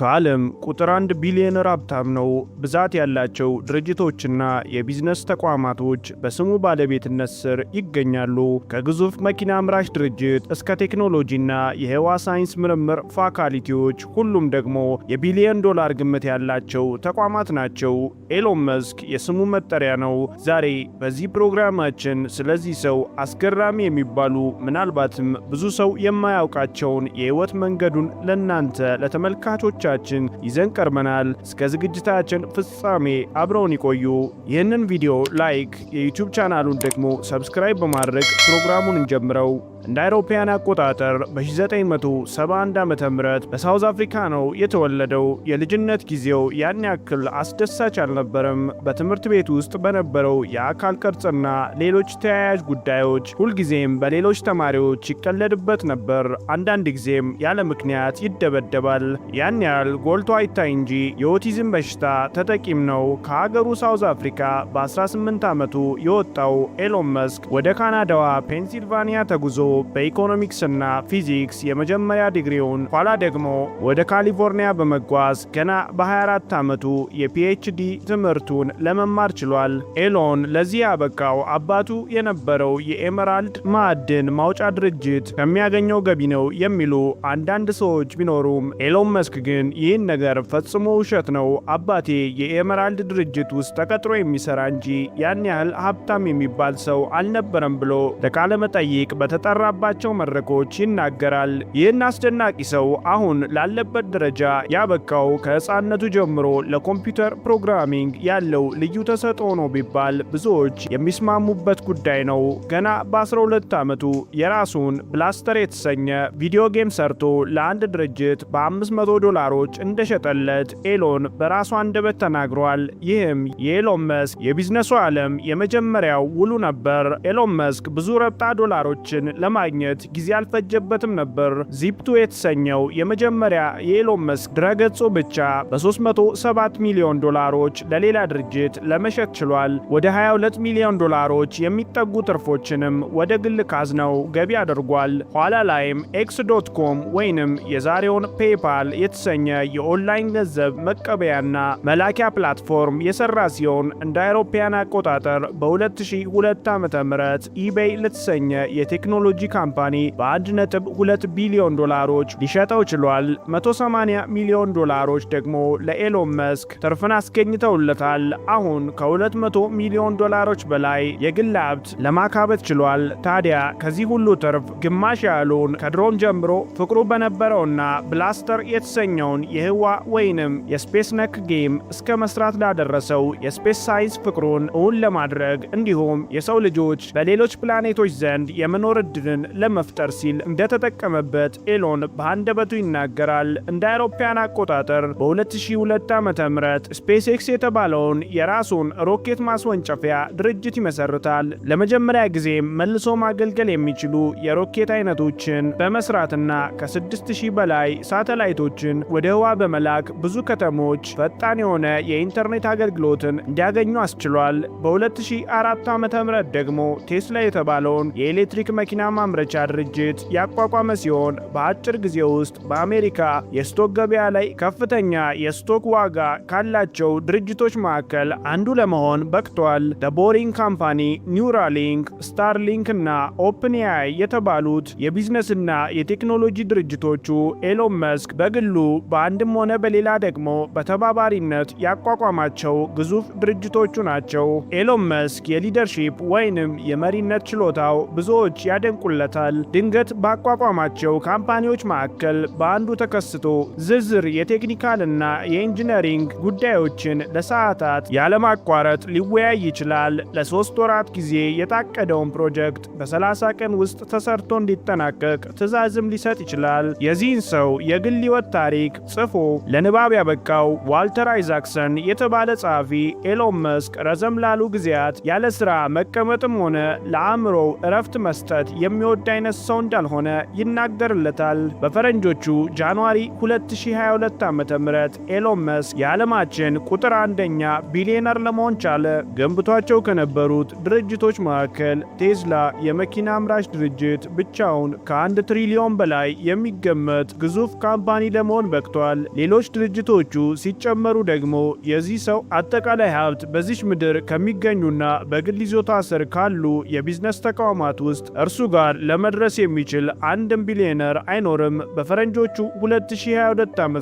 ከዓለም ቁጥር አንድ ቢሊዮነር ሀብታም ነው። ብዛት ያላቸው ድርጅቶችና የቢዝነስ ተቋማቶች በስሙ ባለቤትነት ስር ይገኛሉ። ከግዙፍ መኪና አምራች ድርጅት እስከ ቴክኖሎጂና የህዋ ሳይንስ ምርምር ፋካሊቲዎች፣ ሁሉም ደግሞ የቢሊዮን ዶላር ግምት ያላቸው ተቋማት ናቸው። ኤሎን መስክ የስሙ መጠሪያ ነው። ዛሬ በዚህ ፕሮግራማችን ስለዚህ ሰው አስገራሚ የሚባሉ ምናልባትም ብዙ ሰው የማያውቃቸውን የህይወት መንገዱን ለእናንተ ለተመልካቾች ዝግጅቶቻችን ይዘን ቀርበናል። እስከ ዝግጅታችን ፍጻሜ አብረውን ይቆዩ። ይህንን ቪዲዮ ላይክ፣ የዩቲዩብ ቻናሉን ደግሞ ሰብስክራይብ በማድረግ ፕሮግራሙን እንጀምረው። እንደ አውሮፓውያን አቆጣጠር በ1971 ዓ ም በሳውዝ አፍሪካ ነው የተወለደው። የልጅነት ጊዜው ያን ያክል አስደሳች አልነበረም። በትምህርት ቤት ውስጥ በነበረው የአካል ቅርጽና ሌሎች ተያያዥ ጉዳዮች ሁልጊዜም በሌሎች ተማሪዎች ይቀለድበት ነበር። አንዳንድ ጊዜም ያለ ምክንያት ይደበደባል። ያን ያህል ጎልቶ አይታይ እንጂ የኦቲዝም በሽታ ተጠቂም ነው። ከሀገሩ ሳውዝ አፍሪካ በ18 ዓመቱ የወጣው ኤሎን መስክ ወደ ካናዳዋ ፔንሲልቫኒያ ተጉዞ በኢኮኖሚክስ እና ፊዚክስ የመጀመሪያ ዲግሪውን ኋላ ደግሞ ወደ ካሊፎርኒያ በመጓዝ ገና በ24 ዓመቱ የፒኤችዲ ትምህርቱን ለመማር ችሏል። ኤሎን ለዚህ ያበቃው አባቱ የነበረው የኤመራልድ ማዕድን ማውጫ ድርጅት ከሚያገኘው ገቢ ነው የሚሉ አንዳንድ ሰዎች ቢኖሩም ኤሎን መስክ ግን ይህን ነገር ፈጽሞ ውሸት ነው፣ አባቴ የኤመራልድ ድርጅት ውስጥ ተቀጥሮ የሚሰራ እንጂ ያን ያህል ሀብታም የሚባል ሰው አልነበረም ብሎ ለቃለመጠይቅ በተጠራ በሚገባባቸው መድረኮች ይናገራል። ይህን አስደናቂ ሰው አሁን ላለበት ደረጃ ያበቃው ከሕፃንነቱ ጀምሮ ለኮምፒውተር ፕሮግራሚንግ ያለው ልዩ ተሰጥኦ ነው ቢባል ብዙዎች የሚስማሙበት ጉዳይ ነው። ገና በ12 ዓመቱ የራሱን ብላስተር የተሰኘ ቪዲዮ ጌም ሰርቶ ለአንድ ድርጅት በ500 ዶላሮች እንደሸጠለት ኤሎን በራሱ አንደበት ተናግሯል። ይህም የኤሎን መስክ የቢዝነሱ ዓለም የመጀመሪያው ውሉ ነበር። ኤሎን መስክ ብዙ ረብጣ ዶላሮችን ለማግኘት ጊዜ አልፈጀበትም ነበር። ዚፕቱ የተሰኘው የመጀመሪያ የኤሎን መስክ ድረገጹ ብቻ በ307 ሚሊዮን ዶላሮች ለሌላ ድርጅት ለመሸጥ ችሏል። ወደ 22 ሚሊዮን ዶላሮች የሚጠጉ ትርፎችንም ወደ ግል ካዝናው ገቢ አድርጓል። ኋላ ላይም ኤክስ ዶት ኮም ወይንም የዛሬውን ፔፓል የተሰኘ የኦንላይን ገንዘብ መቀበያና መላኪያ ፕላትፎርም የሰራ ሲሆን እንደ አውሮፓውያን አቆጣጠር በ2002 ዓ.ም ኢቤይ ለተሰኘ የቴክኖሎጂ ቴክኖሎጂ ካምፓኒ በ1.2 ቢሊዮን ዶላሮች ሊሸጠው ችሏል። 180 ሚሊዮን ዶላሮች ደግሞ ለኤሎን መስክ ትርፍን አስገኝተውለታል። አሁን ከ200 ሚሊዮን ዶላሮች በላይ የግል ሀብት ለማካበት ችሏል። ታዲያ ከዚህ ሁሉ ትርፍ ግማሽ ያሉን ከድሮም ጀምሮ ፍቅሩ በነበረውና ብላስተር የተሰኘውን የህዋ ወይንም የስፔስ ነክ ጌም እስከ መስራት ላደረሰው የስፔስ ሳይንስ ፍቅሩን እውን ለማድረግ እንዲሁም የሰው ልጆች በሌሎች ፕላኔቶች ዘንድ የመኖር እድል ቡድንን ለመፍጠር ሲል እንደተጠቀመበት ኤሎን በአንደበቱ ይናገራል። እንደ አውሮፓውያን አቆጣጠር በ2002 ዓ ም ስፔስ ኤክስ የተባለውን የራሱን ሮኬት ማስወንጨፊያ ድርጅት ይመሰርታል። ለመጀመሪያ ጊዜ መልሶ ማገልገል የሚችሉ የሮኬት አይነቶችን በመስራትና ከ6000 በላይ ሳተላይቶችን ወደ ህዋ በመላክ ብዙ ከተሞች ፈጣን የሆነ የኢንተርኔት አገልግሎትን እንዲያገኙ አስችሏል። በ2004 ዓ ም ደግሞ ቴስላ የተባለውን የኤሌክትሪክ መኪና ማምረቻ ድርጅት ያቋቋመ ሲሆን በአጭር ጊዜ ውስጥ በአሜሪካ የስቶክ ገበያ ላይ ከፍተኛ የስቶክ ዋጋ ካላቸው ድርጅቶች መካከል አንዱ ለመሆን በቅቷል። ደቦሪንግ ካምፓኒ፣ ኒውራሊንክ፣ ስታርሊንክ እና ኦፕንያይ የተባሉት የቢዝነስና የቴክኖሎጂ ድርጅቶቹ ኤሎን መስክ በግሉ በአንድም ሆነ በሌላ ደግሞ በተባባሪነት ያቋቋማቸው ግዙፍ ድርጅቶቹ ናቸው። ኤሎን መስክ የሊደርሺፕ ወይንም የመሪነት ችሎታው ብዙዎች ያደንቁ ይለቁለታል። ድንገት ባቋቋማቸው ካምፓኒዎች መካከል በአንዱ ተከስቶ ዝርዝር የቴክኒካልና የኢንጂነሪንግ ጉዳዮችን ለሰዓታት ያለማቋረጥ ሊወያይ ይችላል። ለሶስት ወራት ጊዜ የታቀደውን ፕሮጀክት በ30 ቀን ውስጥ ተሰርቶ እንዲጠናቀቅ ትዕዛዝም ሊሰጥ ይችላል። የዚህን ሰው የግል ሕይወት ታሪክ ጽፎ ለንባብ ያበቃው ዋልተር አይዛክሰን የተባለ ጸሐፊ ኤሎን መስክ ረዘም ላሉ ጊዜያት ያለ ሥራ መቀመጥም ሆነ ለአእምሮው እረፍት መስጠት የሚ የሚወድ አይነት ሰው እንዳልሆነ ይናገርለታል። በፈረንጆቹ ጃንዋሪ 2022 ዓ ም ኤሎን መስክ የዓለማችን ቁጥር አንደኛ ቢሊዮነር ለመሆን ቻለ። ገንብቷቸው ከነበሩት ድርጅቶች መካከል ቴስላ የመኪና አምራች ድርጅት ብቻውን ከአንድ ትሪሊዮን በላይ የሚገመት ግዙፍ ካምፓኒ ለመሆን በቅቷል። ሌሎች ድርጅቶቹ ሲጨመሩ ደግሞ የዚህ ሰው አጠቃላይ ሀብት በዚች ምድር ከሚገኙና በግል ይዞታ ስር ካሉ የቢዝነስ ተቋማት ውስጥ እርሱ ጋር ዶላር ለመድረስ የሚችል አንድም ቢሊዮነር አይኖርም። በፈረንጆቹ 2022 ዓ ም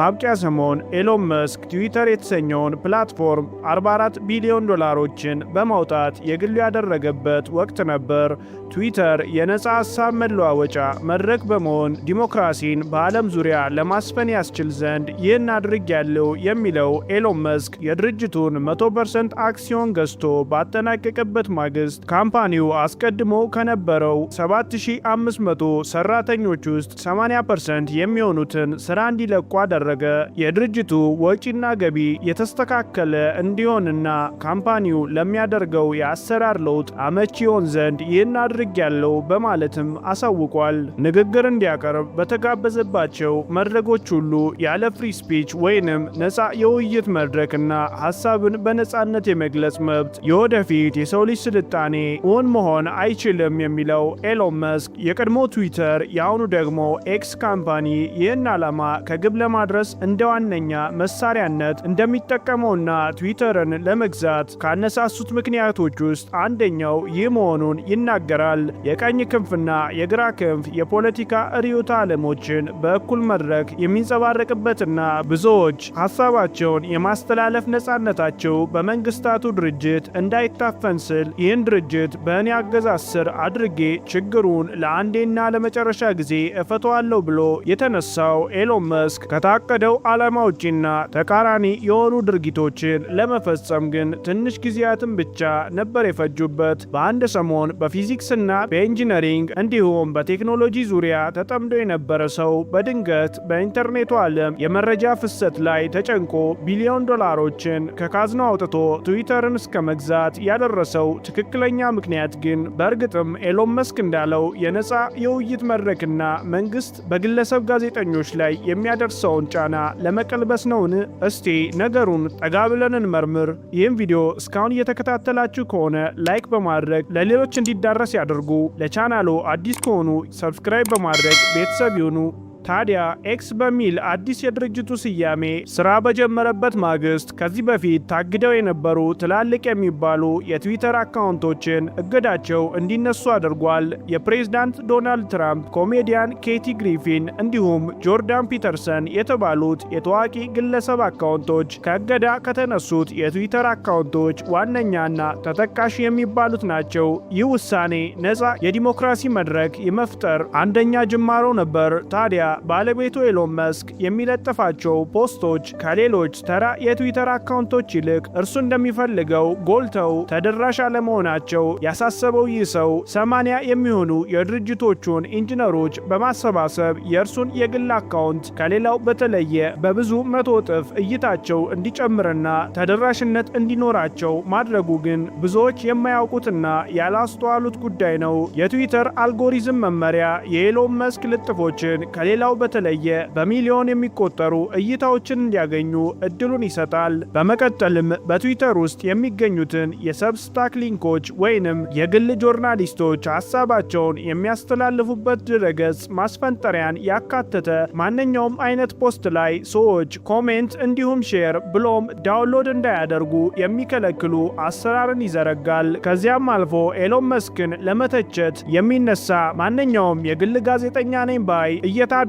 ማብቂያ ሰሞን ኤሎን መስክ ትዊተር የተሰኘውን ፕላትፎርም 44 ቢሊዮን ዶላሮችን በማውጣት የግሉ ያደረገበት ወቅት ነበር። ትዊተር የነፃ ሀሳብ መለዋወጫ መድረክ በመሆን ዲሞክራሲን በዓለም ዙሪያ ለማስፈን ያስችል ዘንድ ይህን አድርግ ያለው የሚለው ኤሎን መስክ የድርጅቱን 100% አክሲዮን ገዝቶ ባጠናቀቀበት ማግስት ካምፓኒው አስቀድሞ ከነበረው ካላቸው 7500 ሰራተኞች ውስጥ 80 ፐርሰንት የሚሆኑትን ስራ እንዲለቁ አደረገ። የድርጅቱ ወጪና ገቢ የተስተካከለ እንዲሆንና ካምፓኒው ለሚያደርገው የአሰራር ለውጥ አመቺ ይሆን ዘንድ ይህን ያለው በማለትም አሳውቋል። ንግግር እንዲያቀርብ በተጋበዘባቸው መድረኮች ሁሉ ያለ ፍሪ ስፒች ወይንም ነፃ የውይይት መድረክና ሀሳብን በነፃነት የመግለጽ መብት የወደፊት የሰው ልጅ ስልጣኔ እውን መሆን አይችልም የሚለው የነበረው ኤሎን መስክ የቀድሞ ትዊተር የአሁኑ ደግሞ ኤክስ ካምፓኒ ይህን ዓላማ ከግብ ለማድረስ እንደ ዋነኛ መሳሪያነት እንደሚጠቀመውና ትዊተርን ለመግዛት ካነሳሱት ምክንያቶች ውስጥ አንደኛው ይህ መሆኑን ይናገራል። የቀኝ ክንፍና የግራ ክንፍ የፖለቲካ ርዕዮተ ዓለሞችን በእኩል መድረክ የሚንጸባረቅበትና ብዙዎች ሀሳባቸውን የማስተላለፍ ነጻነታቸው በመንግስታቱ ድርጅት እንዳይታፈን ስል ይህን ድርጅት በእኔ አገዛዝ ስር አድርጌ አድርጌ ችግሩን ለአንዴና ለመጨረሻ ጊዜ እፈቷለሁ ብሎ የተነሳው ኤሎን መስክ ከታቀደው ዓላማ ውጪና ተቃራኒ የሆኑ ድርጊቶችን ለመፈጸም ግን ትንሽ ጊዜያትን ብቻ ነበር የፈጁበት። በአንድ ሰሞን በፊዚክስና በኢንጂነሪንግ እንዲሁም በቴክኖሎጂ ዙሪያ ተጠምዶ የነበረ ሰው በድንገት በኢንተርኔቱ ዓለም የመረጃ ፍሰት ላይ ተጨንቆ ቢሊዮን ዶላሮችን ከካዝኖ አውጥቶ ትዊተርን እስከ መግዛት ያደረሰው ትክክለኛ ምክንያት ግን በእርግጥም ኤሎን ናሆም መስክ እንዳለው የነፃ የውይይት መድረክና መንግስት በግለሰብ ጋዜጠኞች ላይ የሚያደርሰውን ጫና ለመቀልበስ ነውን? እስቲ ነገሩን ጠጋ ብለን እንመርምር። ይህም ቪዲዮ እስካሁን እየተከታተላችሁ ከሆነ ላይክ በማድረግ ለሌሎች እንዲዳረስ ያደርጉ። ለቻናሉ አዲስ ከሆኑ ሰብስክራይብ በማድረግ ቤተሰብ ይሁኑ። ታዲያ ኤክስ በሚል አዲስ የድርጅቱ ስያሜ ስራ በጀመረበት ማግስት ከዚህ በፊት ታግደው የነበሩ ትላልቅ የሚባሉ የትዊተር አካውንቶችን እገዳቸው እንዲነሱ አድርጓል። የፕሬዝዳንት ዶናልድ ትራምፕ ኮሜዲያን ኬቲ ግሪፊን እንዲሁም ጆርዳን ፒተርሰን የተባሉት የታዋቂ ግለሰብ አካውንቶች ከእገዳ ከተነሱት የትዊተር አካውንቶች ዋነኛና ተጠቃሽ የሚባሉት ናቸው። ይህ ውሳኔ ነፃ የዲሞክራሲ መድረክ የመፍጠር አንደኛ ጅማሮ ነበር። ታዲያ ባለቤቱ ኤሎን መስክ የሚለጥፋቸው ፖስቶች ከሌሎች ተራ የትዊተር አካውንቶች ይልቅ እርሱ እንደሚፈልገው ጎልተው ተደራሽ አለመሆናቸው ያሳሰበው ይህ ሰው ሰማንያ የሚሆኑ የድርጅቶቹን ኢንጂነሮች በማሰባሰብ የእርሱን የግል አካውንት ከሌላው በተለየ በብዙ መቶ እጥፍ እይታቸው እንዲጨምርና ተደራሽነት እንዲኖራቸው ማድረጉ ግን ብዙዎች የማያውቁትና ያላስተዋሉት ጉዳይ ነው። የትዊተር አልጎሪዝም መመሪያ የኤሎን መስክ ልጥፎችን ከሌላ ከሌላው በተለየ በሚሊዮን የሚቆጠሩ እይታዎችን እንዲያገኙ እድሉን ይሰጣል። በመቀጠልም በትዊተር ውስጥ የሚገኙትን የሰብስታክ ሊንኮች ወይንም የግል ጆርናሊስቶች ሀሳባቸውን የሚያስተላልፉበት ድረገጽ ማስፈንጠሪያን ያካተተ ማንኛውም አይነት ፖስት ላይ ሰዎች ኮሜንት እንዲሁም ሼር ብሎም ዳውንሎድ እንዳያደርጉ የሚከለክሉ አሰራርን ይዘረጋል። ከዚያም አልፎ ኤሎን መስክን ለመተቸት የሚነሳ ማንኛውም የግል ጋዜጠኛ ነኝ ባይ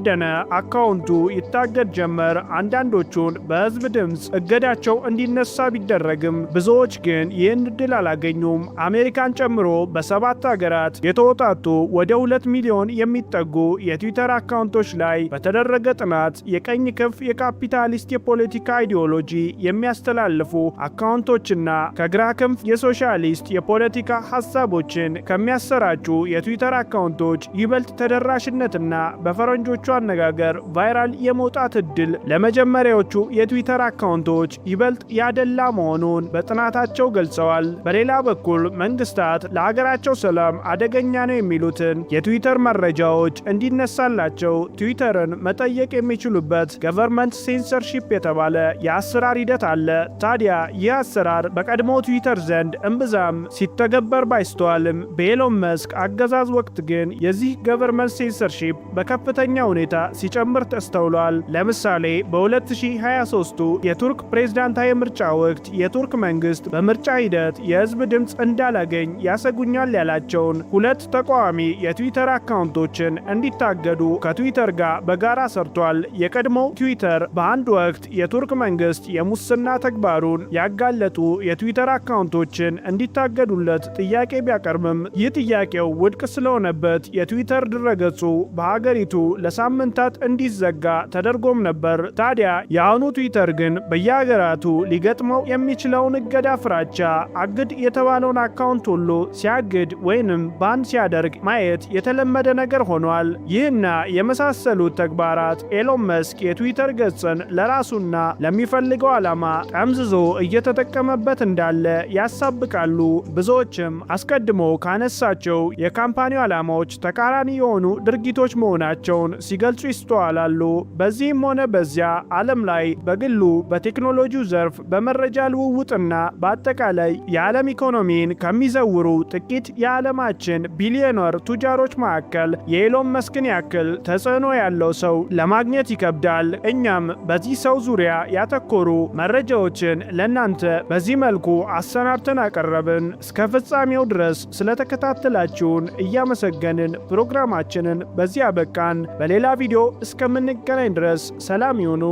ወደነ አካውንቱ ይታገድ ጀመር። አንዳንዶቹን በህዝብ ድምፅ እገዳቸው እንዲነሳ ቢደረግም ብዙዎች ግን ይህን እድል አላገኙም። አሜሪካን ጨምሮ በሰባት ሀገራት የተወጣጡ ወደ ሁለት ሚሊዮን የሚጠጉ የትዊተር አካውንቶች ላይ በተደረገ ጥናት የቀኝ ክንፍ የካፒታሊስት የፖለቲካ አይዲዮሎጂ የሚያስተላልፉ አካውንቶችና ከግራ ክንፍ የሶሻሊስት የፖለቲካ ሀሳቦችን ከሚያሰራጩ የትዊተር አካውንቶች ይበልጥ ተደራሽነትና በፈረንጆቹ በራሳቸው አነጋገር ቫይራል የመውጣት እድል ለመጀመሪያዎቹ የትዊተር አካውንቶች ይበልጥ ያደላ መሆኑን በጥናታቸው ገልጸዋል። በሌላ በኩል መንግስታት ለሀገራቸው ሰላም አደገኛ ነው የሚሉትን የትዊተር መረጃዎች እንዲነሳላቸው ትዊተርን መጠየቅ የሚችሉበት ገቨርንመንት ሴንሰርሺፕ የተባለ የአሰራር ሂደት አለ። ታዲያ ይህ አሰራር በቀድሞ ትዊተር ዘንድ እምብዛም ሲተገበር ባይስተዋልም በኤሎን መስክ አገዛዝ ወቅት ግን የዚህ ገቨርንመንት ሴንሰርሺፕ በከፍተኛ ሁኔታ ሁኔታ ሲጨምር ተስተውሏል። ለምሳሌ በ2023 የቱርክ ፕሬዝዳንታዊ ምርጫ ወቅት የቱርክ መንግስት በምርጫ ሂደት የህዝብ ድምፅ እንዳላገኝ ያሰጉኛል ያላቸውን ሁለት ተቃዋሚ የትዊተር አካውንቶችን እንዲታገዱ ከትዊተር ጋር በጋራ ሰርቷል። የቀድሞው ትዊተር በአንድ ወቅት የቱርክ መንግስት የሙስና ተግባሩን ያጋለጡ የትዊተር አካውንቶችን እንዲታገዱለት ጥያቄ ቢያቀርብም ይህ ጥያቄው ውድቅ ስለሆነበት የትዊተር ድረገጹ በሀገሪቱ ለሳ ለሳምንታት እንዲዘጋ ተደርጎም ነበር። ታዲያ የአሁኑ ትዊተር ግን በየሀገራቱ ሊገጥመው የሚችለውን እገዳ ፍራቻ አግድ የተባለውን አካውንት ሁሉ ሲያግድ ወይንም ባን ሲያደርግ ማየት የተለመደ ነገር ሆኗል። ይህና የመሳሰሉት ተግባራት ኤሎን መስክ የትዊተር ገጽን ለራሱና ለሚፈልገው ዓላማ ጠምዝዞ እየተጠቀመበት እንዳለ ያሳብቃሉ። ብዙዎችም አስቀድሞ ካነሳቸው የካምፓኒው ዓላማዎች ተቃራኒ የሆኑ ድርጊቶች መሆናቸውን ሲ ሲገልጹ ይስተዋላሉ። በዚህም ሆነ በዚያ ዓለም ላይ በግሉ በቴክኖሎጂው ዘርፍ በመረጃ ልውውጥና በአጠቃላይ የዓለም ኢኮኖሚን ከሚዘውሩ ጥቂት የዓለማችን ቢሊዮነር ቱጃሮች መካከል የኤሎን መስክን ያክል ተጽዕኖ ያለው ሰው ለማግኘት ይከብዳል። እኛም በዚህ ሰው ዙሪያ ያተኮሩ መረጃዎችን ለእናንተ በዚህ መልኩ አሰናድተን አቀረብን። እስከ ፍጻሜው ድረስ ስለተከታተላችሁን እያመሰገንን ፕሮግራማችንን በዚህ አበቃን። በሌ በሌላ ቪዲዮ እስከምንገናኝ ድረስ ሰላም ይሁኑ።